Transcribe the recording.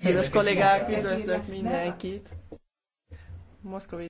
Kedves kollégák, üdvözlök mindenkit! Moszkovics